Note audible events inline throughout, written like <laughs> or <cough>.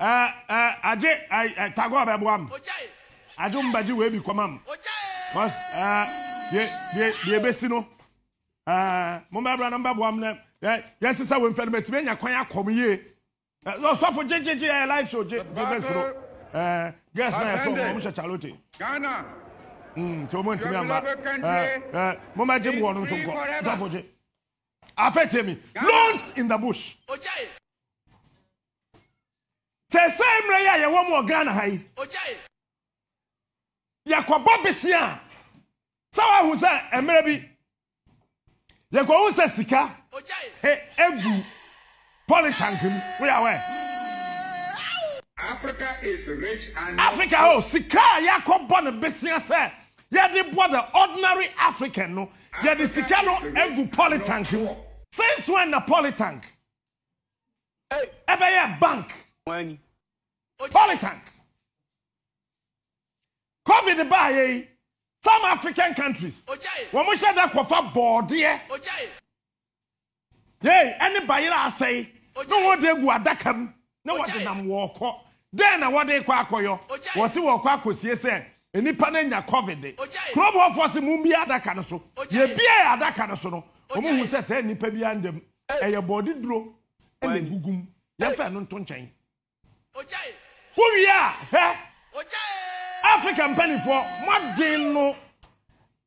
Eh, eh, agye eh, tago abe m agye mbagye wei bi kɔma m e. bcause deɛ ɛbɛsi no mommɛbra buam ne. m na yɛnsesa wei mfɛ no matumi anya kwan akɔm yie ɔsɔfo gyengyegye ɛ live show gye bɛsoro gas na yɛfɔ mo hyɛ charlotte nti ɔmo ntumi amba mommɛgye m wɔ no nso nkɔ ɔsɔfo gye afɛtie mi loans in the bush sɛ sɛn mmerɛ yi a yɛwɔ mu wɔ ghana ha yi yɛkɔbɔ bese a sɛ woahu sɛ mmerɛ bi yɛkɔhu sɛ sika egu polytank mu woyɛ awɛ africa is rich and africa o oh, sika a yɛakɔbɔ no besea sɛ yɛde bɔ the ordinary african no yɛde sika no egu polytank mu since when na polytank ɛbɛyɛ bank. Hey wọn ni covid baayɛ yi some african countries wɔn mo hyɛ dɛ kɔfa bɔɔdeɛ yei ɛne bayerɛ asɛe ne wɔn de egu adaka mu ne wɔde nam wɔɔkɔ dɛn na wɔde kɔ akɔyɔ wɔsi wɔɔkɔ akɔsie sɛ nipa ne nya covid de kurom hɔfoɔ si mu bi adaka no so yɛ bia adaka no so no wɔn mu sɛ sɛ nipa bi andam ɛyɛ bɔɔde duro ɛna egugu mu yɛfɛ no nto nkyɛn wowie a hɛ africa mpanimfoɔ moaden no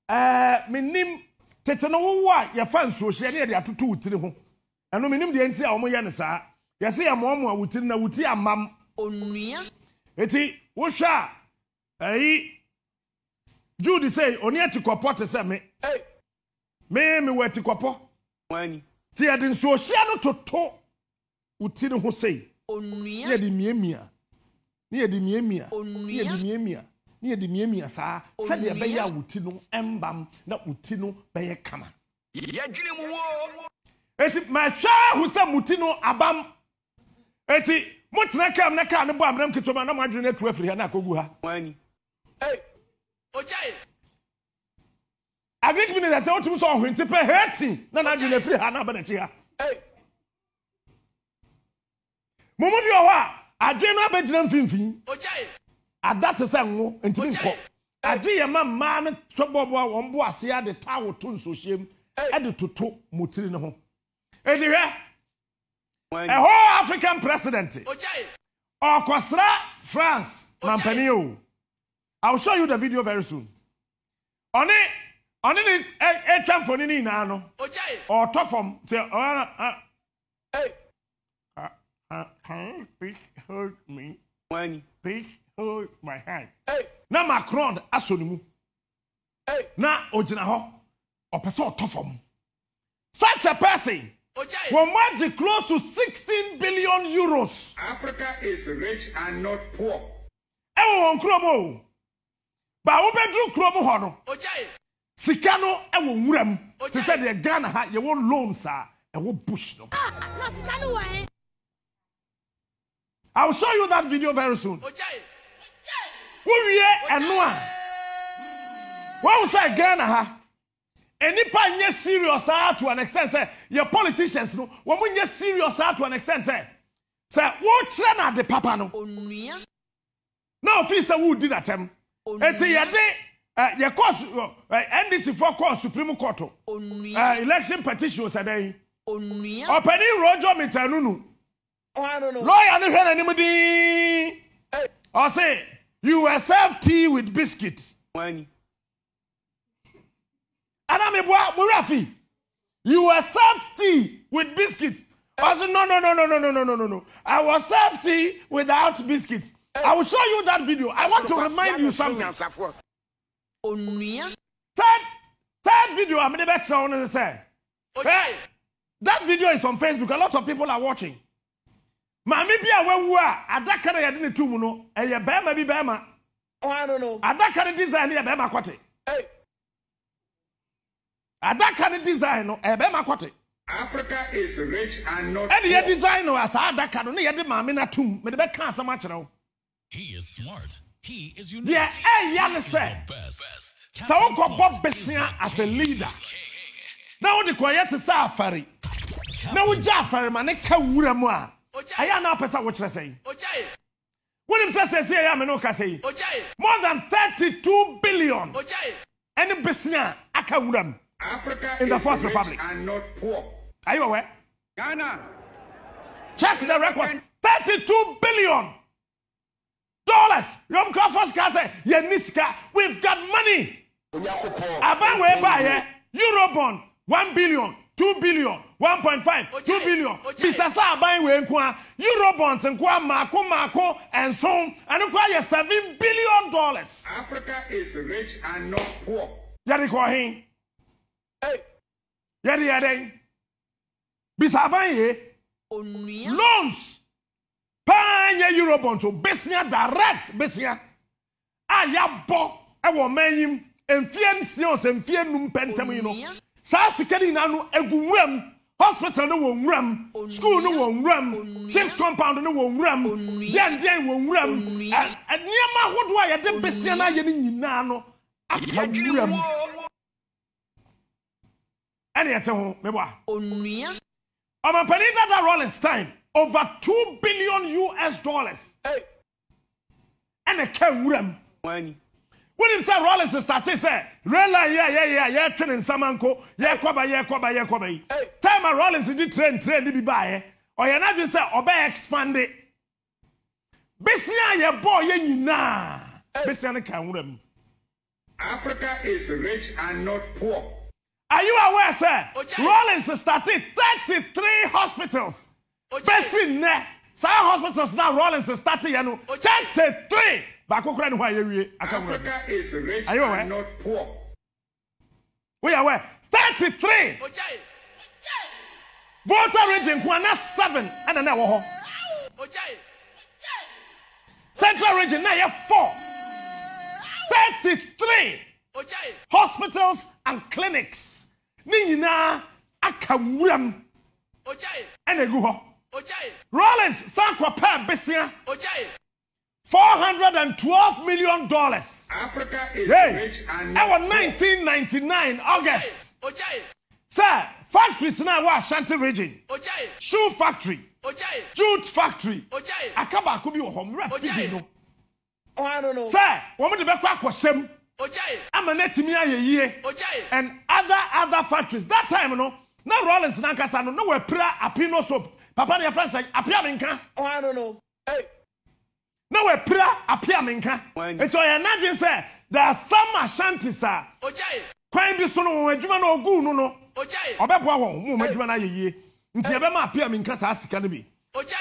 eh, menim tete no wowo a yɛfa nsuohyeɛ ne yɛde atoto wo tiri ho ɛno menim deɛ nti a wɔmoyɛ no saa yɛsɛ yɛ mmoamoa wo tiri na wo ti amam eti wohwɛ a ɛyi jude sɛ oni atikɔpɔ te sɛ me me me wɔ atikɔpɔ ti yɛde nsuohyia no toto wo ho sei onua ne yɛde miamia ne yɛde miamia ne yɛde miamia ne yɛde miamia saa sɛdeɛ ɛbɛyɛ a wo no mbam na wo ti no bɛyɛ kama yɛdwene mu wo eti mahwɛ ahu sɛ mo no abam eti mo tena kaa mu na kaa ne bɔ amena mu ketewa mu na mo adwene etu afiri ha na akogu ha. wani agric minister sɛ o tun sɛ ɔhwenti pɛ hɛti na n'adwene efiri ha na abɛnakyi ha. ee mo mu bi wɔ hɔ a ade no abɛgyina mfimfini ada te sɛ ngo ntumi nkɔ ade yɛ ma mmaa no sɔbɔbɔa wɔn bo ase ade taawo to nsohyɛm ɛde toto mo tiri ne ho ɛnihwɛ ɛhɔ african president ɔkɔsra france mampanin o i will show you the video very soon ɔne ɔne ni? ɛtwa mfoni ni nyinaa no ɔtɔ fam sɛ ɔyɛ na. Uh, can you please hold me? Wani. Please hold my hand. Hey. Na Macron aso ne mu. Hey. Na ojina ho. O sɛ ɔtɔ fam. Such a person will manage close to 16 billion euros. Africa is rich and not poor. Ewo wɔn kurom o. Baawo bɛduru kurom hɔ no. Sika no ɛwɔ nwura mu. Te sɛ deɛ Ghana ha yɛwɔ loans a ɛwɔ bush no. Ah, ah na sika no wɔ yen. I will show you that video very soon. Who Wowie one? a wɔn sɛ again, ha enipa nye serious ah to an extent sɛ Your politicians no wɔn nye serious ah to an extent sɛ sɛ wɔrekyerɛ na ade papa no na ofi sɛ wɔredi na tɛm eti yɛde ɛ yɛ kɔɔsu ɛ NDC fɔ kɔɔ Supreme Court ɛ oh. eh, election petitions sɛ dɛ yi ɔpɛni Roger Mitanunu lọ́ọ̀yà ni hwẹ́ n'anim dín ọ̀sẹ̀ you were served tea with biscuit. anamibua murafi you were served tea with biscuit ọ̀sẹ̀ no no no no no no no no no. I was served tea without biscuit I will show you that video I want to remind you something. Third, third video I'm going to bet you on say. That video is on Facebook. A lot of people are watching maame bi a wawu a adaka na yɛde ne tu mu no ɛyɛ bɛrima bi bɛrima oh, adaka ne design no yɛ bɛrima kɔte adaka ne design no ɛyɛ bɛrima kɔte africa is rich and not ɛne yɛ design no a saa adaka no ne yɛde maame no atum mede bɛka asɛm akyerɛ wo deɛ ɛya ne sɛ sɛ wokɔbɔ besea as a leader na wode kɔyɛ te sɛ afare na wogya afare ma ne ka wura mu a ɛyɛ anaa pɛ sɛ wokyerɛ sɛ yi wonim sɛ sɛsi ɛyɛ ame no woka sɛ yi more than 32 billion ɛne besene a aka nwura mu in the fourth republic are you aware Ghana. check the record 32 billion dollars yom crawford's car sɛ yɛni sika we've got money aban wei baayɛ eurobond 1 billion 2 billion 1.5, two billion bisasa aban wee nko a euro bonds nko a mako mako nson ɛne kwa ayɛ seven billion dollars. Africa is rich and not poor. yɛde kɔ hin yɛde yɛde bisa aban ye loans paa nyɛ euro bonds o besia direct besia a yabɔ ɛwɔ mɛnyim mfie nsia ɔsɛ mfie num pɛntɛm yi no saa sika ni egu nwura hospital no wɔ nwuram school no wɔ nwuram chips compound no wɔ nwuram deɛndeɛn wɔ nwuram eh, eh, nneɛma ahodoɔ a yɛde besia no ayɛ no nyinaa no aka nwuram ɛne ɛte ho meboa ɔmampanin dada rollins time over two billion us dollars ɛne ka nwuram wonim sɛ rollins starte sɛ rela yi a yɛyɛ a yɛtwe ne nsɛm anko yɛkɔba yɛkɔba yɛkɔba yi time a rollins di train train ne bi baeɛ ɔyɛ n'adwe sɛ ɔbɛ expande besia a yɛbɔɔ yɛ nyinaa besia no ka nwura mu. africa is rich and not poor. are you aware sir? rollins started thirty three hospitals besi nnɛ saa hospitals na rollins started yɛ no thirty three baako kura ne ho a yɛwie akamura ayi wɔ wɛ woyɛ wɛ thirty three voter region nko ana seven ɛna na ɛwɔ hɔ central region na yɛ four thirty three hospitals and clinics ne nyinaa aka nwuram ɛna egu hɔ rollins sankwa pɛɛ besia. $412 million. Africa is hey, rich and our 1999 August. Ojai. Sir, factories now were Shanti region. Ojai. Shoe factory. Ojai. Jute factory. Ojai. Akaba could be home. Refugee. No. Oh, I don't know. Sir, woman the back kwashem. Ojai. I'm a net me a year. Ojai. And other other factories. That time, no. Now Rollins Nankasano, no, No we pra apino soap. Papa, your friends, say apia minka. Oh, I don't know. Hey na wapira apia menka nti ɔyɛ n'adwene sɛ there are some ashantis a kwan bi so no wɔn adwuma no ogu no no ɔbɛboa wɔn wɔn wɔn adwuma no ayɛ yie nti yɛbɛma apia menka saa sika no bi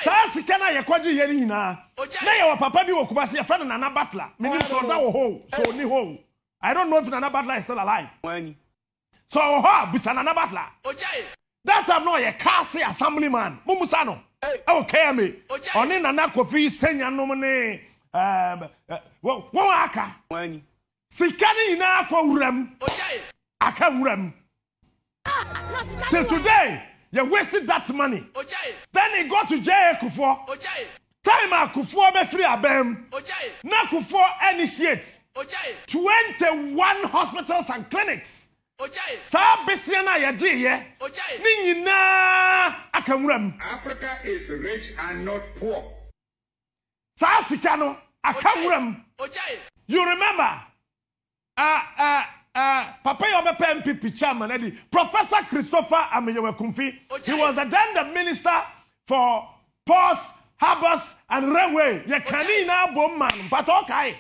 saa sika no a yɛkɔgye yɛ no nyinaa na yɛwɔ papa bi wɔ kumase yɛfrɛ no nana batla menim sɛ ɔda wɔ hoo so ɔni hoo i don't know if nana batla is still alive so ɔwɔ hɔ a busa nana batla that time na ɔyɛ kaa se assembly man mumusa no ɛwɔ kɛmi ɔne nana kofi sɛnyanom ne um, eh, wɔn aka sika ne nyinaa akɔ wuram oh, aka wuram ah, ah, till today you wasted that money oh, then he go to jail kufo oh, time a akufo bɛfiri abɛn na kufo initiate twenty one hospitals and clinics saa besia no a yɛgye yɛ ne nyinaa aka nwura mu saa sika no aka mu you remember uh, uh, uh, papa yi ɔbɛpɛ npp chairman ɛdi professor christopher ameyewekunfi he was the then the minister for ports harbours and railway yɛ kani nyinaa bɔ mu ma no mpata ɔkae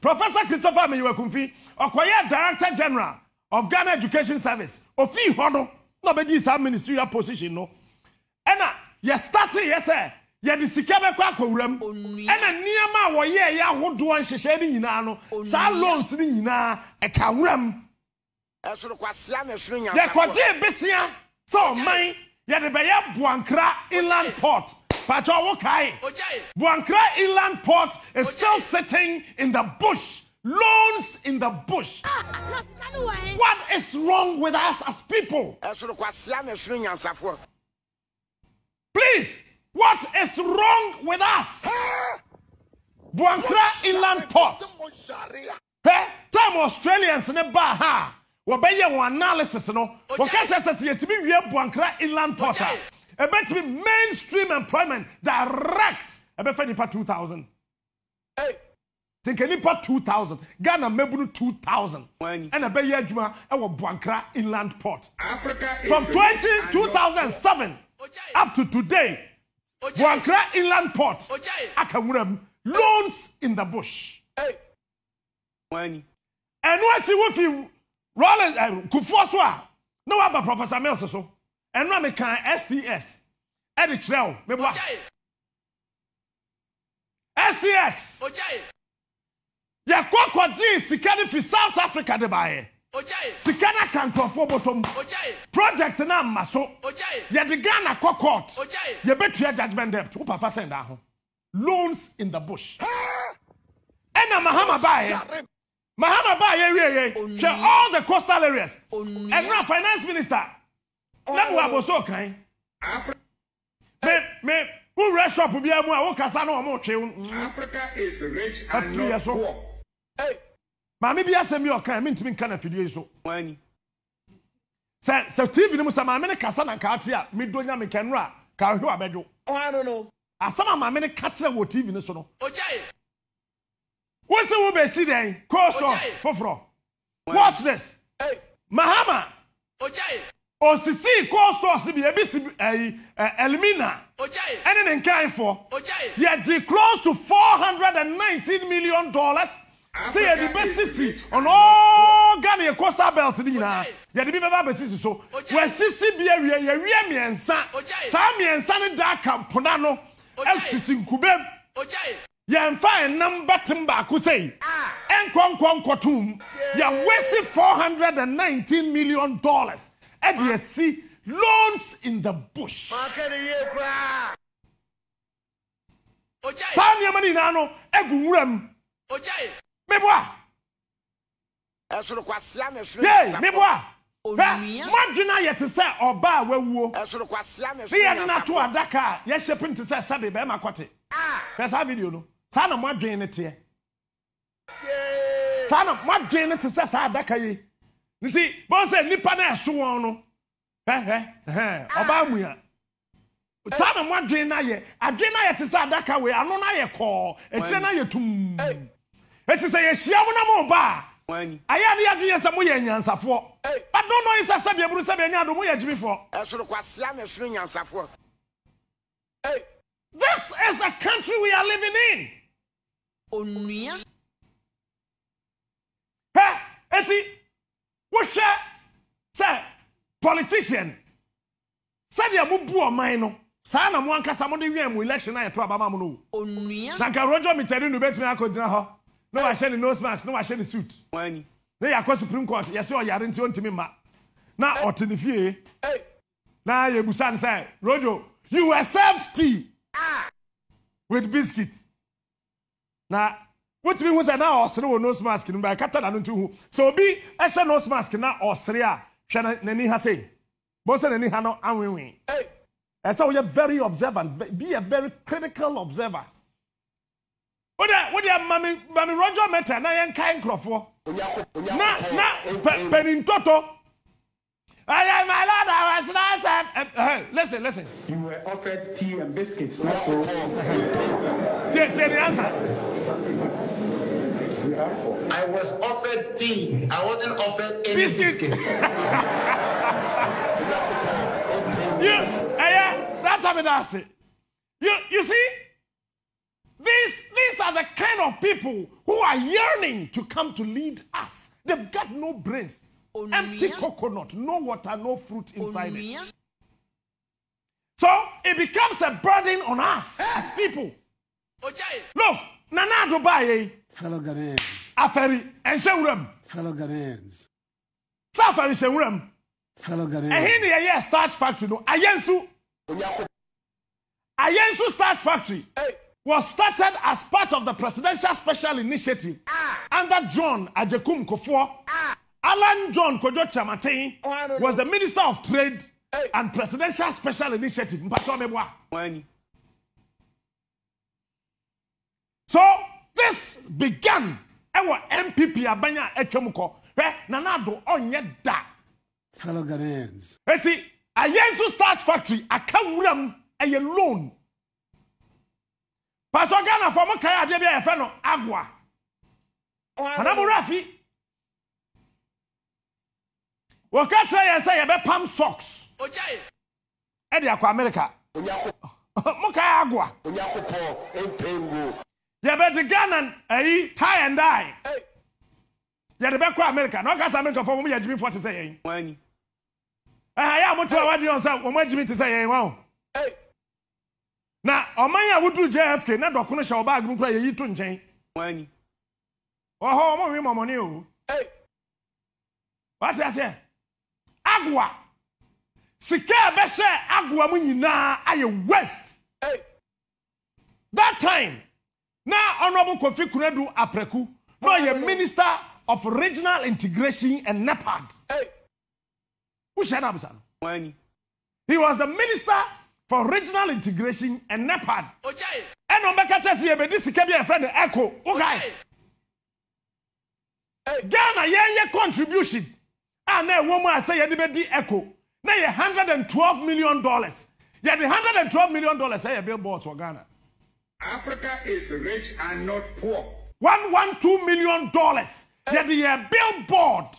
professor christopher ameyewekunfi ɔkɔyɛ director general of ghana education service ofii hɔ no na ɔbɛdi saa ministerial position no ɛna yɛ start yɛ sɛ yɛde sika bɛkɔ akɔwura mu ɛna nneɛma a wɔyɛ ɛyɛ ahodoɔ nhyehyɛ no nyinaa no saa loans no nyinaa ɛka wura mu yɛkɔgye besia sɛ ɔman yɛde bɛyɛ buankra inland port patɔ wo kae buankra inland port is still sitting in the bush Loans in the bush. Ah, what is wrong with us as people? Please, what is wrong with us? Buankra inland port. Hey, tell Australians in the Baha. wɔbɛyɛ wɔn analysis no wɔkɛkyɛ sɛ sɛ yɛtumi wie buankra inland port a ɛbɛtumi mainstream employment direct I ɛbɛfɛ for 2000. Hey. tinka nipa two thousand ghana mmabunu two thousand ɛna bɛyɛ adwuma ɛwɔ buankra inland port Africa from twenty two thousand seven up to today buankra inland port akawuram loans in the bush ɛnu akyi wofi rollins ɛ uh, kufuo so a na waba professor mills so ɛnu a mekan sts ɛde kyerɛ o meboa stx yɛ kɔ kɔgyee sika no fi south africa de baeɛ sika no aka nkurɔfoɔ bɔtɔ mu project no amma so yɛde ghana kɔ court yɛbɛtua judgment debt wopafa sɛn daa ho loans in the bush ɛna mahama baeɛ mahama baeɛ wieɛ hwɛ all the coastal areas ɛnora finance minister na mo oh. abɔ so kan me me wo wura shop biara mu a wo kasa na wɔn retwe wo ɛfiri yɛ so. Hey, maame bi asɛm yɛ ɔkan mentumi nka na afidie yi so sɛ sɛ tv no mu sɛ maame ne kasa na nkaate a medo nya mekɛnoro a kahwew abɛdwo asɛm a maame ne ka kyerɛ wɔ tv no so no wosi wo bɛsi dɛn kooso foforɔ watch this Hey, mahama osisi kooso bi ebi si ɛyi ɛ elmina ɛne ne nkanfoɔ yɛ di close to four hundred and nineteen million dollars sɛ yɛde bɛsisi ɔno ghana yɛ coastal belt no nyinaa The bi bɛba abɛsisi so wɔasisi bi awie yɛwie mmiɛnsa saa mmiɛnsa no da aka mpona no asisi nkube yɛmfa ɛnam bɛtem baako sɛi ah. ɛnkɔnkɔ nkɔtom yɛwaste 419 million dollars ɛde ah. asi loans in the bush saa nneɛma no nyinaa no agu nwura mu meboa ye meboa bɛ moadwena yɛ te sɛ ɔba a wawuo ne yɛde no to adaka a yɛhyɛ pem te sɛ sɛbe bɛrima kɔte hwɛ saa video no saa na moadwene ne teɛ saa na moadwene ne te sɛ saa adaka yi nti bɔn sɛ nnipa no ɛso wɔn no hɛhɛ ɔbaa mu a saa na moadwene ye ayɛ adwene no ayɛ te sɛ adaka wei ano no ayɛ kɔɔ akyire no ayɛ tum eti sɛ a ayé ni yàtò yẹ sẹ mo yẹ nyansafo adó náà yìí sẹ sẹbi eburu sẹbi ẹni àdó mo yẹ jimifo. ẹsùn kò àṣìá This is a country we are living in. onua. ẹ etí wohwẹ Sir, politician sẹbi ẹ mo bu ọman no saa na mo ankasa mo de wíwẹ̀ mo election náà yẹ tó abamá mo no. onua. na nka rojo mi tẹ̀lé nu bẹ́ẹ̀ tí mi No, na wahyɛ ne nose mask No, na wahyɛ ne suit na yɛakɔ supreme court Yes, You yɛsɛ ɔyare nti ɔntumi ma na ɔte ne fie na yɛbusa ne sɛ rojo you were served tea Ah. with biscuits. Now, what you mean was that now ɔsere wɔ nose mask no bɛkata na no nto So be. I ɛhyɛ nose mask Now ɔsere a hwɛ n'ani ha sei bɔ sɛ n'ani ha no anwenwen ɛsɛ woyɛ very observant be a very critical observer wode wode mami roger meta na yɛn nkurɔfoɔ na na panintɔtɔ I my lord, I was nice. Uh, uh, listen, listen. You were offered tea and biscuits, not so. Say, say the answer. I was offered tea. I wasn't offered any biscuit. biscuit. you, uh, that's how it is. You, you see? of people who are yearning to come to lead us. They've got no brains, empty coconut, no water, no fruit inside it. So it becomes a burden on us as people. Look, Nana Dubai, fellow Ghanaians, Aferi, and Shewrem, fellow Ghanaians, Safari Shewrem, fellow Ghanaians, and here, yes, starch factory, no, Ayensu, Ayensu starch factory. Hey was started as part of the Presidential Special Initiative under ah. John Ajekum Kufuor. Ah. Alan John Kojo Chamatein oh, was the Minister of Trade hey. and Presidential Special Initiative. So this began our MPP Abanya Echemuko. Eh, Nanado onye Fellow Ghanaians. Eti, ayensu start factory, akamwuram, eye loan pàṣọ ghana fọ mo kàn adeɛ bi a yɛfɛ no agua anamuru afi wɔka kyerɛ yɛn sɛ yɛbɛpam socks ɛde e akɔ america <laughs> mo kàn agua yɛbɛde ghana ayi eh, tie and die yɛde bɛkɔ america na ɔka sɛ america fɔ wɔn yɛ jimi fɔ te sɛ yɛn ɛhɛ yɛ a mo tẹ eh, wa wadi yɛn sɛ wɔn agyimi te sɛ yɛn wɔn. na ɔman a woduru jfk na dɔkono hyɛ ɔbaa agum kora yɛyi to nkyɛn wɔ hɔ ɔmo hwe mɔmɔne o wate aseɛ agoa sika a ɛbɛhyɛ agoa mu nyinaa ayɛ west that time na ɔnɔbo kofi kunadu apreku na ɔyɛ minister of regional integration and nepad wohyɛ no abisa no he was the minister for regional integration and nepad ɛna ɔbɛka kyɛ sɛ yɛbɛdi sika bi a yɛfrɛ no echo wokae ghana yɛnyɛ contribution a na ɛwɔ mu a sɛ yɛde echo na yɛ hundred and twelve million dollars yɛde hundred and twelve million dollars say a billboard wɔ ghana. africa is rich and not poor. one one two million dollars yɛde yɛ billboard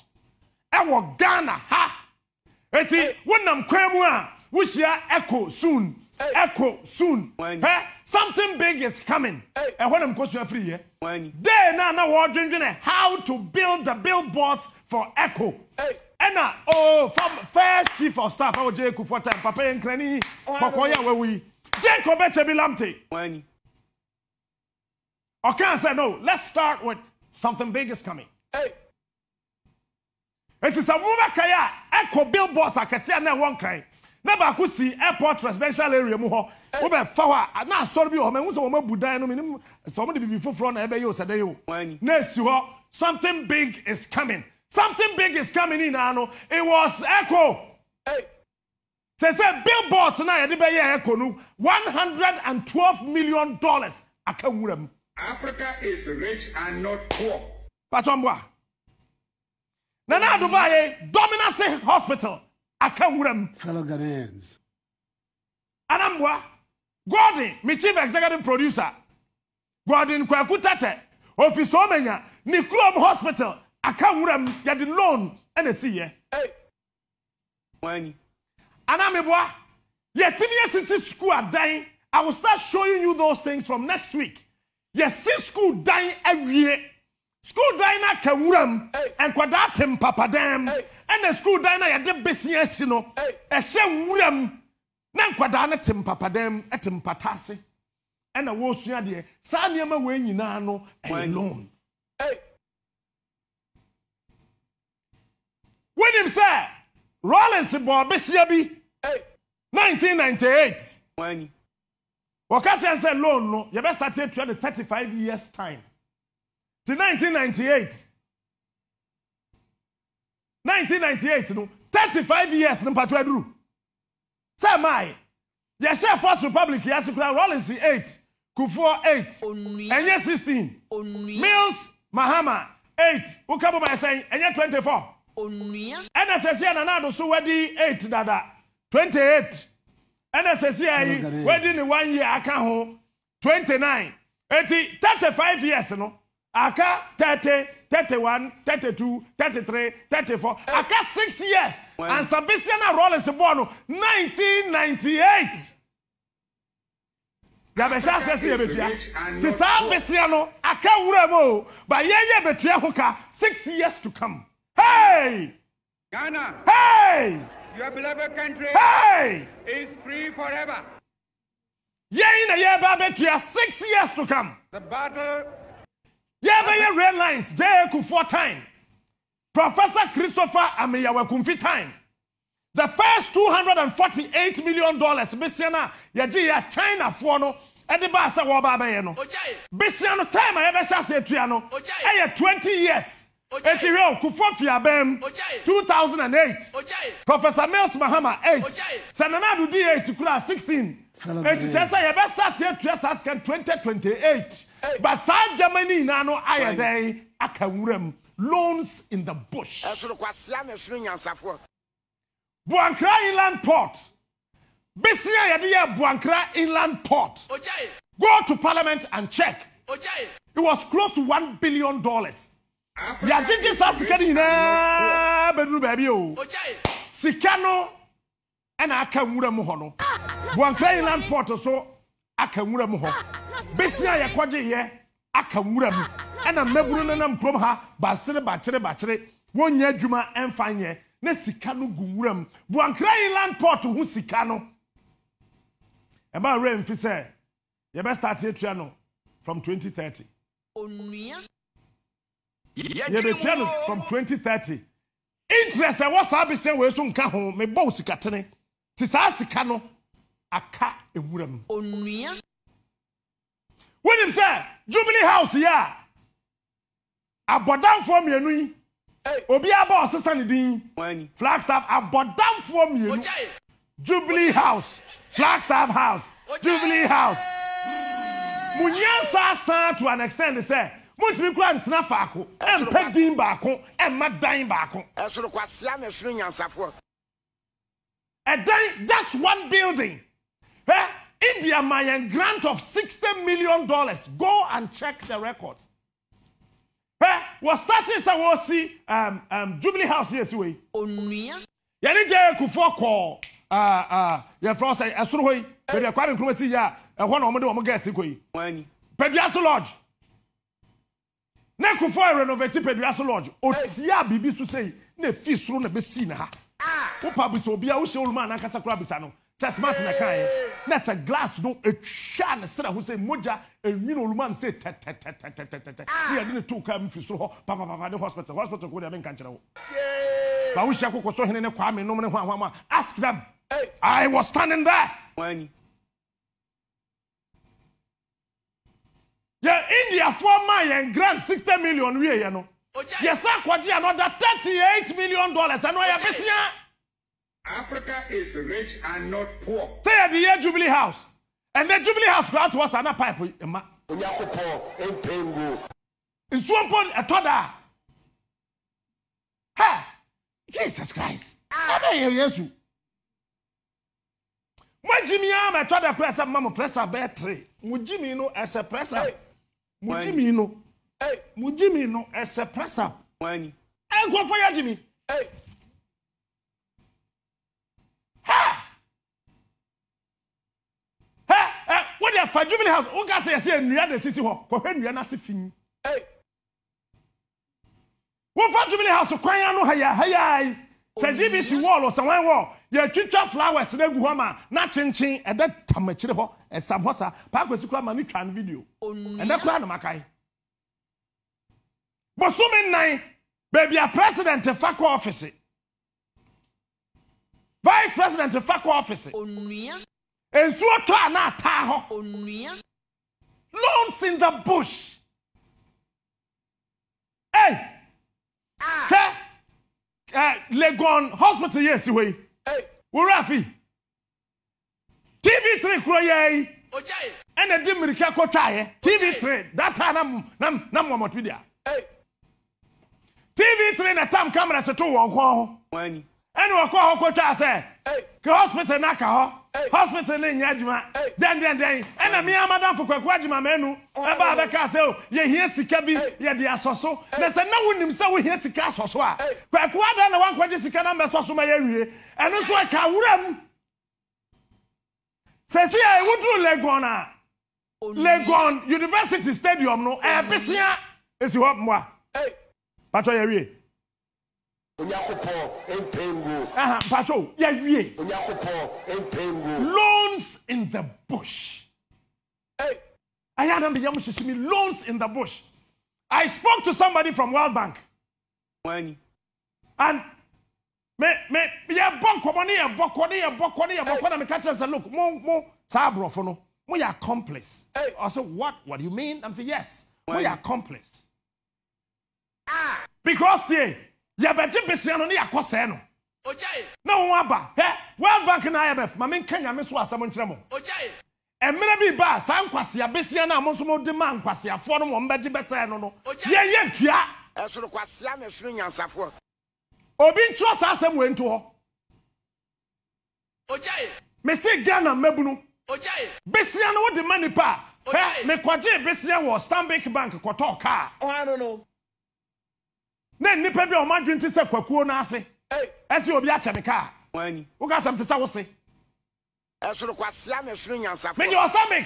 ɛwɔ ghana ha eti wɔnam kwan mu a wuhyia echo soon echo soon hɛ something big is coming ɛhɔ na nkosua firi yɛ day na na wɔdwendwene how to build the billboards for echo ɛna uh, oh from first chief of staff awo jay kufo time papa yɛ nkirani kɔkɔɔ yɛ awɛwu yi jacob ɛkyɛ bi lamte ɔkan sɛ no let's start with something big is coming. Hey. It is a woman kaya echo billboards akɛseɛ na ɛwɔ nkran na baako si airport residential area mu hɔ fa hɔ na asɔre bi wɔ hɔ mɛ n sɛ no mi nim sɛ wɔn de bibi foforɔ na ɛbɛyɛ osɛ dɛ yi o na something big is coming something big is coming nyinaa no it was echo sɛ sɛ billboards na yɛde bɛyɛ echo no 112 million dollars aka Africa is rich and not poor. Patwamboa. Nana Adubaye Dominance Hospital. aka wura fellow ghanaians Anambwa gordon my chief executive producer gordon kwaku tete ofisi omenya ne hospital aka nwura mu yɛde loan ɛna esi yɛ anamibua yɛtini esisi school dying. i will start showing you those things from next week Yes, school every year. school dying. na aka nwura mu papadam. Hey. ɛna sukuu dan na yɛde besi asi no ɛhyɛ nwura mu na nkwadaa no te mpapadan mu te mpata ase ɛna wɔresua deɛ saa nneɛma wɔn nyinaa no ɛyɛ loan. wonim sɛ rollins bɔ ɔbɛhyia bi 1998 wɔka kyerɛ sɛ loan no yɛbɛsate atua de 35 years time ti 1998 1998 no 35 years no mpatwa duru sɛ mae yɛhyɛ fort republic yɛase kora rollins 8 kufuor 8 ɛnyɛ 16 mills mahama 8 woka bo ma ɛsɛn ɛnyɛ 24 ɛna sɛsi a nanado so wadi 8 dada 28 ɛna sɛsi a yi wadi ne one year aka ho 29 eti 35 years no aka 30 31, 32, 33, 34. Aka six years. And Sebastian Rollins born 1998. yabɛhyɛ aseɛ sɛ yɛbɛtua te saa besia no aka wura mu o but yɛyɛ bɛtua ho ka six years to come hey ghana hey your beloved country hey is free forever yɛyi na yɛba bɛtua six years to come the battle yɛbɛyɛ rail lines jɛ ekufoɔ time professor christopher ameyawakumfi time the first two hundred and forty-eight million dollars besia na ya China chinafoɔ no ɛde baa sɛ wɔba abɛyɛ no besia no time a yɛbɛhyɛ ase etua no ɛyɛ twenty years eti hwɛ okufo fi mu two thousand and eight professor mills mahama eight sɛ nana adu eight kura sixteen eti sɛ sɛ yɛbɛsa tie tue saa sika twenty twenty eight but saa germany nyinaa no ayɛ dɛn aka nwura mu loans in the bush. ɛsoro kwasia na ɛsoro nyansafoɔ. buankra inland port bisi a yɛde yɛ buankra inland port go to parliament and check it was close to one billion dollars yàgyegye saa sika no nyinaa bɛduru baabi o sika no. ɛna aka nwura mu hɔ no buanka inland port so aka nwura mu hɔ bɛsi a yɛkɔgyeeɛ aka nwura mu ɛna mmabunu no nam kurom ha bakyere bakyere bakyere wɔnyɛ adwuma ɛmfa nyɛ na sika no gu nwura mu buanka inland port ho sika no ɛma werɛ mfi sɛ yɛbɛstarte atua no from twenty thirty. 2030 yɛbɛtua no from 2030 interest ɛwɔ saa besɛ wei so nka ho mebɔ wo sikatene te saa sika no aka ewura mu. onua. wúnim sẹ jubilee house yẹ a abọdánfọ mmienu yi obi abọ ọsísá ni dín flagstaff abọdánfọ mmienu jubilee house flagstaff house jubilee house mu nyansa asan to an extent sẹ muntumi kura ntena faako ẹ mpẹ din baako ẹ mma dan baako. ẹ sọrọ kwa si nyansafo. And then just one building ɛ eh? india Mayan grant of sixty million dollars go and check the records ɛ eh? wɔ starting sɛ wɔsi um, um, jubilee house yɛ si wɔ yi yɛne ko, ah ah, yɛfrɛ sɛ ɛsoro hɔ yi baabi akwari nkuruma si yɛ a ɛhɔ na wɔn de wɔn gɛɛsi kɔ yi peduaso lodge ne kufuɔ renovate peduaso lodge otia bibi so sɛ yi na efi soro na bɛ si na ha wopa bisa obi a wohyɛ woluma anankasa kora bisa no sɛ smart na kaeɛ na sɛ glass no ɛtwa ne serɛ ho sɛ mogya ɛnwini oluma no sɛ tɛtɛtɛtɛtɛtɛtɛ ne yɛde ne too kaa mu firi soro hɔ papapapa ne hospital hospital ko deɛ menka kyerɛ wo ba wohyia kokɔ so hene ne kwame nom ne ho ahoam a ask them i was standing there yɛ indiafoɔ ma yɛn grand sixty million wieɛ no yɛsa akɔgye another thirty eight million dollars ɛno yɛ besia Africa is rich and not poor. Say at the year Jubilee House. And the Jubilee House grant was an pipe. Onyankopɔn eh, mpengu. Nsuo mpo ɛtɔ da. Ha! Jesus Christ. Ɛbɛyɛ Yesu. Mo jimi a ma ɛtɔ da kura sɛ mma mo pressure bɛyɛ tiri. Mo jimi no ɛsɛ pressure. Mo jimi no. Mo jimi no ɛsɛ pressure. Nkɔfɔ yɛ jimi. fa jubilee house wọn kà sẹ yẹ sẹ nnua na esisi hɔ kɔhwɛ nnua n'ase fin wọn fa jubilee house kwan ano hayahaya yi sɛ oh, gbc wall ɔsɛwɛn wall yɛtwitwa flowers na egu hɔ ama na kyenkyen ɛdɛ tam akyire hɔ ɛsam hɔ sa paako esi kura ma ne twa ne video oh, ɛdɛ kura ne ma kae bosome nnan beebi a president fa kɔ ɔfisi vice president fa kɔ ɔfisi. Oh, nsuo tɔ ana ataa hɔ lawns in the bush hey hɛ ah. ɛ eh, legon hospital yɛ esi hɔ yi wura afi tv three kuro yɛ yi ɛna di mirika kɔ twa yɛ tv three data na na na mɔmɔtu di a tv three na tam kamara sɛ tu wɔn kɔn ho ɛna wɔkɔ hɔ kɔ twa sɛ ke hospital na hɔ hospital ne nyɛ adwuma dɛndɛndɛn ɛna mia madamfo kwaku adwuma mɛnu oh. ɛbaa bɛka sɛ o oh, yɛhia sika bi ye asɔ so na sɛ na wonim sɛ wohia sika asɔ so a kwaku adan na woankwagye sika na mbɛsɔ so ma yɛawie ɛno nso ɛka wuram se a ɛwoduru legon a legon university stadium no ɛɛbesea ɛsi hɔ mmoa patɔ yɛwie loans in the bush. Hey. I had them loans in the bush. I spoke to somebody from World Bank. When? And me me yɛ Bank, nkɔmɔ ne yɛ bɔ kɔ bank, yɛ bɔ kɔ ne yɛ bɔ kɔ na look mo mo saa aborɔfo no mo yɛ accomplice. I say, what what do you mean? I'm say, yes. Mo yɛ accomplice. Ah! Because they yɛbɛgye besia no ne yɛakɔ sɛɛ no na wɔn aba hɛ world bank na imf maame nka nyame so asɛm nkyerɛ mo mmerɛ bi ba saa nkwasia besia no a mo nso mo de ma nkwasiafoɔ no wɔn bɛgye bɛsɛɛ no no yɛyɛ ntua. ɛsoro kwasia na ɛsoro nyansafoɔ. obi nkyerɛ saa asɛm wɔ nto hɔ. mesi ghana mmabunu. besia no wɔde ma nipa hɛ mekɔgye besia wɔ stanbic bank kɔtɔɔ kaa na nnipa bi a ɔma dwene te sɛ kwakuo no ase ɛsɛ obi akyɛ me kaa woka asɛm te sɛ wo se ɛsoro kwasea na ɛsoro nyansafo mede ɔsamic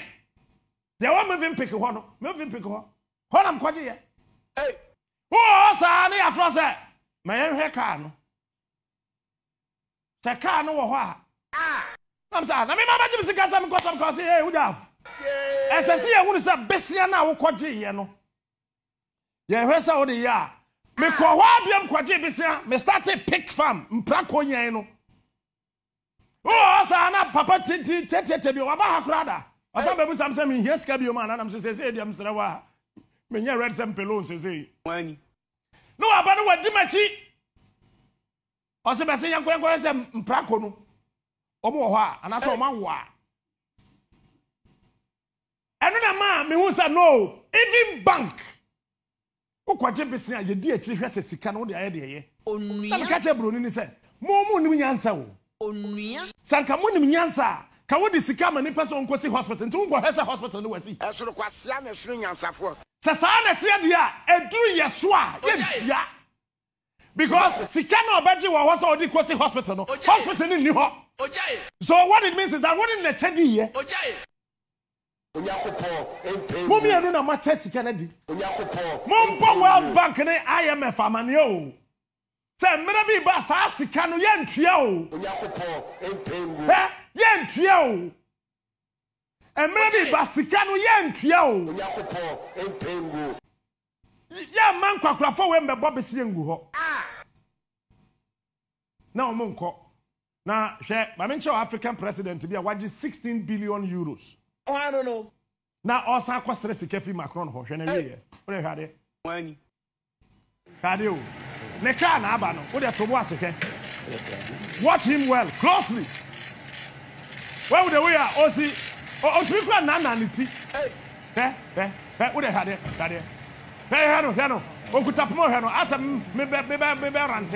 deɛ wɔ mevim piki hɔ no mevim piki hɔ hɔ nam kɔgye yɛ wowɔ saa ne yɛaforɔ sɛ ma yɛnhwɛ kaa no sɛ kaa no wɔ hɔ a nam sɛ na mema bɛgye me sika sɛ mekɔsɛm kɔ se ɛ wodaaf ɛsɛ sɛ yɛhunu sɛ besea no a wokɔgyeyɛ no yɛhwɛ sɛ wode a mekɔ hɔ abia mkwagye bisia mestate pik farm mpra kɔnyan no wowɔ ọsọ na papa tete bi waba ha koraa da ɔsa bɛbu sam sɛ ma ananam sesesei deɛ mesrɛ a menyɛ red sɛ mpelon sesei ne waba no wadi na no even bank wokɔgye bese a yɛdi akyiri hwɛ sɛ sika no wode ayɛ deɛ yɛ na meka kyɛ buroni ne sɛ mo mo nim nyansa o sɛ anka monim nyansa a ka wode sika ma nipa sɛ ɔnkɔsi hospital nti wonkɔhwɛ sɛ hospital no wasi ɛsorokwasea na ɛsoro nyansafoɔ sɛ saa na ɛteɛ deɛ a ɛduru yɛ so a yɛntua because sika na ɔbɛgye wɔ hɔ sɛ ɔde kɔsi hospital no hospital no nni hɔ so what it means is that wode nnɛkyɛ diiɛ mo mmienu na makyɛ sika no di mompɔ world bank ne imf amane o sɛ mmerɛ bi ba saa sika no yɛntua o yɛntua o mmerɛ bi ba sika no yɛntua o yɛmma nkwakorafo wei mmɛbɔ bɛsi yɛngu hɔ na ɔmo nkɔ na hwɛ mame nkyerɛ wɔ african president bi a wagye sixteen billion euros Oh, na ɔsan akɔsrɛ sika fi macron hɔ hwɛ no wieɛ wode hwade hwade o ne kaa naaba no wode watch him well closely wahu de wei a ɔsi ɔtumi kora nnana ne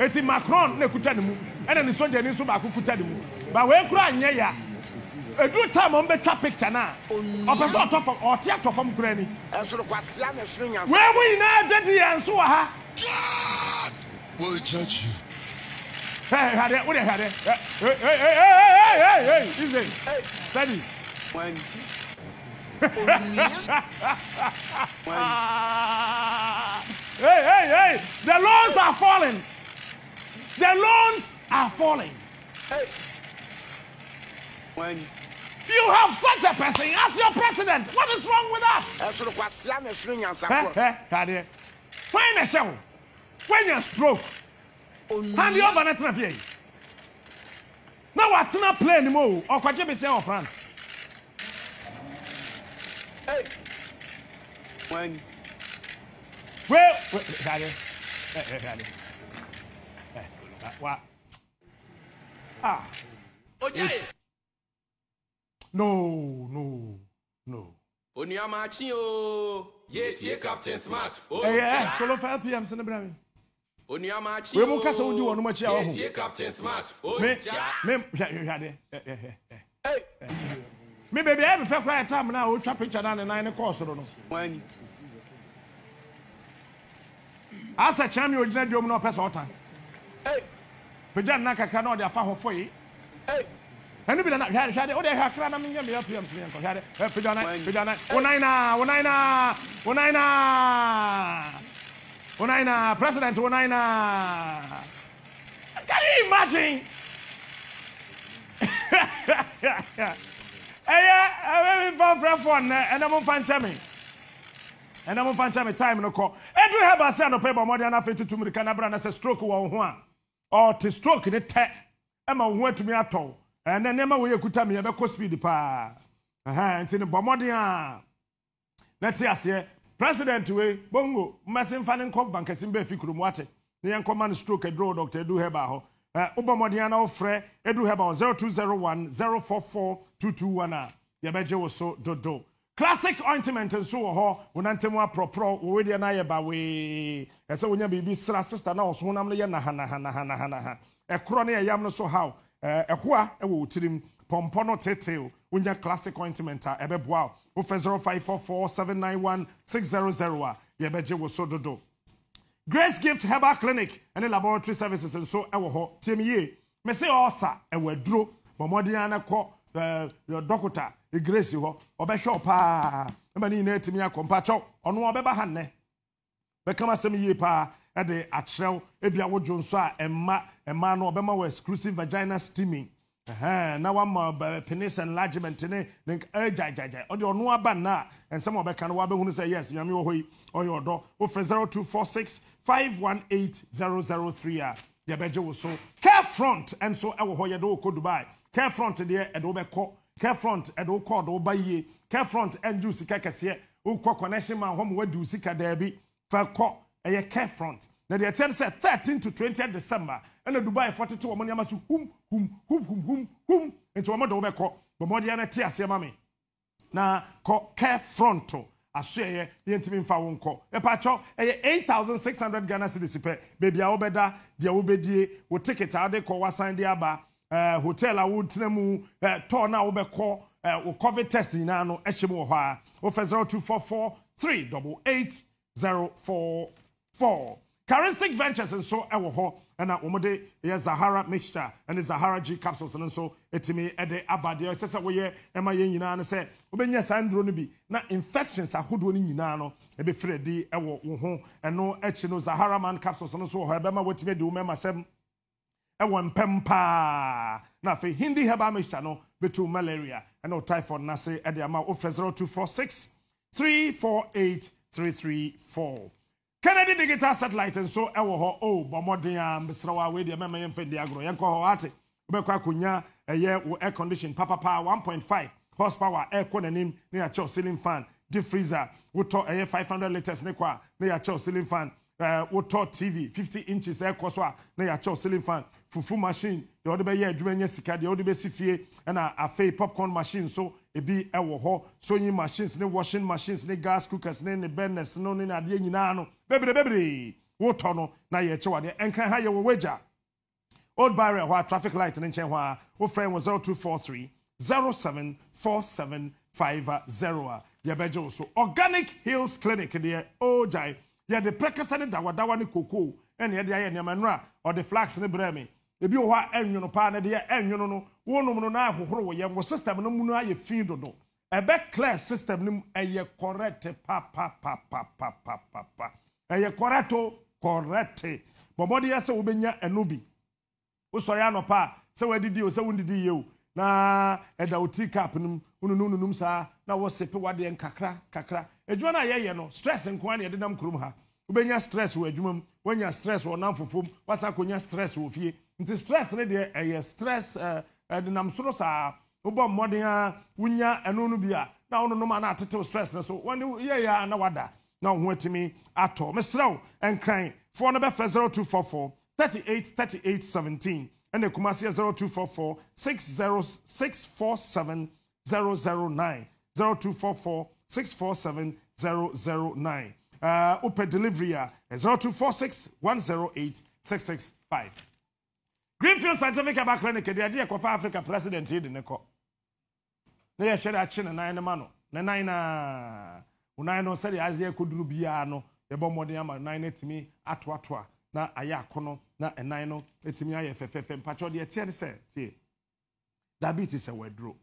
eti macron na kuta ne mu ɛna ne sojani nso baako kuta ne mu ba wei kora eduru time ɔn bɛ twa picture na ɔpɛ sɛ ɔtɔ fam ɔte atɔ fam kura ni. ɛsoro kwasia na ɛsoro nyansa. wɛn mu nyinaa dɛdi yɛn so wɔ ha. God will judge you. Hey, had it, what had it? Hey, hey, hey, hey, hey, hey, hey, easy. Hey. Steady. When ah. hey, hey, hey, the loans are falling. The loans are falling. Hey. When You have such a person as your president. What is wrong with us? Why na show? When you stroke, hand you over na fear. Now what na play ni mo? Okwaje be say on France. Hey. When Well, Kade. Kade. Eh, wa. Ah. Oye. No, no, no. Onyamachi o. Ye tie Captain Smart. Eh eh, solo 5 pm sene bra mi. Onyamachi o. We mu kasa wudi wonu machi awo. Ye tie Captain Smart. Oh. Me me hwa hwa de. Eh. Me baby e be fa kwa time na o twa picture na ne nan ne course no. Wani. Asa chami o gina dwom na o pesa otan. Eh. Pejana kakra na o de afa ho foyi. Eh ɛno bi na hwɛ hwɛ de wode hwɛ akra na menyɛ meyɛ pm sɛ yɛnkɔ hwɛ de pagya nan pagya nan wo nan na wo nan na wo nan na wo nan na president wo nan na can you imagine ɛyɛ ɛbɛ mi fa frɛ fɔ nnɛ ɛnɛ mo nfa nkyɛn mi ɛnɛ mo nfa nkyɛn mi time no kɔ edu hɛ baasi anɔpɛ bɔ ɔmɔden anafɛ tutu mirika nabra na sɛ stroke wɔ ho a ɔte stroke ne tɛ ɛma wo ho atumi atɔw ɛnɛ nneɛma wɔ yɛ kuta mi yɛbɛkɔ speed paa ɛhɛn nti ne bɔ mmɔden a na president wei bongo mmasi nfa ne nkɔ bankasi mbɛ fi kurom wate ne yɛn stroke aduro dr edu heba hɔ ɛ wobɔ mmɔden a uh, edu heba zero two zero one zero four four two two one a yɛbɛgye wo do, dodo classic ointment nso wɔ hɔ wonantɛm aprɔporɔ wɔwe deɛ no ayɛ ba wee ɛsɛ wonya biribi sra sister na ɔso honam no yɛ nahanahanahanahanaha ɛkorɔ ne ɛyam no so haw ɛhoa eh, ɛwɔ wotirim pɔmpɔ no tetew wonya classic ointment a ɛbɛboa wo wofɛ 0544 791 600 a yɛbɛgye wo so dodo grace gift herbal clinic ne laboratory services nso wɔ hɔ tiam yie mese ɔsa ɛwɔ aduro bɔmmɔden ana kɔ eh, eh, dɔkota e grace hɔ ɔbɛhwɛ wo paa ma ne nyinaa atumi akɔ mpakyɛw ɔno ɔbɛba ha nnɛ bɛkam asɛm yie paa de akyerɛw ebi a wodwo nso a mma mmaa no ɔbɛma wɔ exclusive vagina steaming na wama penis enlargement ne ne gyagyagya ɔde ɔno aba nna a nsɛm a ɔbɛka no wabɛhunu sɛ yes nyame wɔ hɔ yi ɔyɛ ɔdɔ wofrɛ 0246 518003 a deɛ bɛgye wo so care front nso wɔ hɔ yɛde wokɔ dubai care front deɛ ɛde wobɛkɔ care front ɛde wokɔ ɔde woba yie care front ndu sika kɛseɛ wokɔ connection ma hɔ ma wadi wo sika daabi fa kɔ ɛyɛ care front Now the ɛkyɛ no 13 thirteen to twenty december ɛna dubai 42. tete wɔn nneɛma Whom whom whom whom whom hum hum nti wɔn de wɔn bɛkɔ bɔmɔdeɛ no te aseɛ ma mi na care fronto aso yɛ yɛntumi nfa wɔn kɔ ɛpatsɔ ɛyɛ eight thousand six hundred ghana cedis pɛ beebi a wɔbɛda deɛ wɔbɛdie wɔ ticket a wɔde kɔ wasan de aba ɛɛ hotel a wɔtena mu Torna tɔɔ no covid testing nyinaa eshimo ɛhyɛ mu wɔ hɔ zero two four four three double eight zero four four. Charistic Ventures nso ɛwɔ hɔ And wɔn de yɛ Zahara mixture and the Zahara G capsules and so. etimi ɛde Abadi. deɛ ɛsɛ sɛ wɔyɛ ɛma yɛn nyinaa no sɛ wɔbɛnya saa nduro no bi na infections ahodoɔ no nyinaa no ɛbɛfiri ɛdi Ewo wɔn ho ɛno ɛkyi no Zahara man capsules and so. wɔ hɔ ɛbɛma wɔtumi adi wɔn ɛma sɛm ɛwɔ mpɛm paa na afei Hindi herbal mixture no bɛtu malaria and no typhoid nase ɛde ama ofrɛ zero two four six three four eight three three four kennedy digital satellite nso ɛwɔ hɔ o oh, bɔ mmɔden a mbɛsirɛ wa wei deɛ mɛma yɛn mfɛn di agorɔ yɛn kɔ hɔ ate wobɛkɔ akonnwa ɛyɛ wo air condition papapa one point five horsepower ɛɛkɔ n'anim ne yɛakyɛw ceiling fan deep freezer wotɔ ɛyɛ five hundred litres ne kɔ a ne yɛakyɛw ceiling fan Eh, wotɔ tv 50 inches Air so a na yɛakyɛw ceiling fan fufu machine deɛ wɔde bɛyɛ adwuma nyɛ The deɛ wɔde bɛsi fie ɛna afei popcorn machine so it be ɛwɔ hɔ sewing machines ne washing machines ne gas cookers ne ne burners no ne adeɛ nyinaa no bebree bebree wotɔ no na yɛkyɛw adeɛ nkan ha yɛ wɔ wager? old barrier hɔ traffic light ne nkyɛn hɔ a wofrɛ wɔ 0243 074750 a yɛbɛgye so organic hills clinic deɛ ogyae yɛde prekasa ne dawadawa ne kokoo ɛne yɛde ayɛ nneɛma nnura ɔde flax ne brɛ me ebi wɔ hɔ a ɛnwono paa ne deɛ ɛnwono no wɔnom no na ahohoro wɔ yɛn wɔ system no mu no ayɛ fi dodo ɛbɛ clear system pa pa pa pa pa pa pa, o correct bɔbɔdeɛ sɛ wobɛnya ɛno bi wosɔre anɔpa a sɛ wɔadidi o sɛ wondidi yie o na ɛda wo tea cup no mu wonunum nunum na wɔsepe wadeɛ nkakra kakra adwuma no a yɛyɛ no stress nkoa ne yɛde nam kurom ha wobɛnya stress wɔ adwuma mu woanya stress wɔ nam fofom wasa akɔnya stress wɔ fie nti stress ne deɛ ɛyɛ stress ɛde nam soro saa wobɔ mmɔden a wonya ɛno no bi a na wononom a na atetew stress no so wɔne yɛyɛ a na wada na wo ho atumi atɔ mesrɛ wo ɛnkran foɔ no bɛfrɛ 0244 38 38 17 ɛna kumase yɛ seven zero zero nine 0244 647 009. Uh, Upe delivery uh, 0246 108 665. Greenfield Scientific Herbal Clinic, the idea of Africa president, did in the call. They shared a chin and nine mano, nine, nine, no, said the Isaiah could do piano, the bomb on the armor, nine to me, at what na ayɛ akɔnɔ na ɛnan no etimi ayɛ fɛfɛɛfɛ mpatwa ɔdeɛ tie se. sɛ tie diabetes ɛwɔ aduro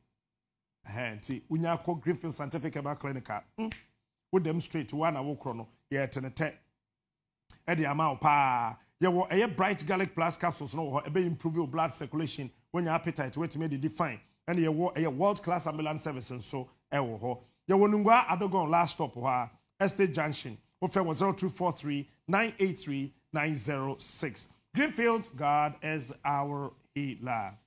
nti wonya akɔ griffin scientific herbal clinic a hmm, wodam straight wo ana wokorɔ no yɛtenetɛ ɛde ama pa. Ye wo ɛyɛ bright garlic plus capsules no ho hɔ improve your blood circulation when your appetite me woatumi define. And ye wo ɛyɛ world class ambulance service wo ho. Ye wo nungua adogon last stop hɔ estate junction wofɛ wɔ 0243 983 906 greenfield god is our healer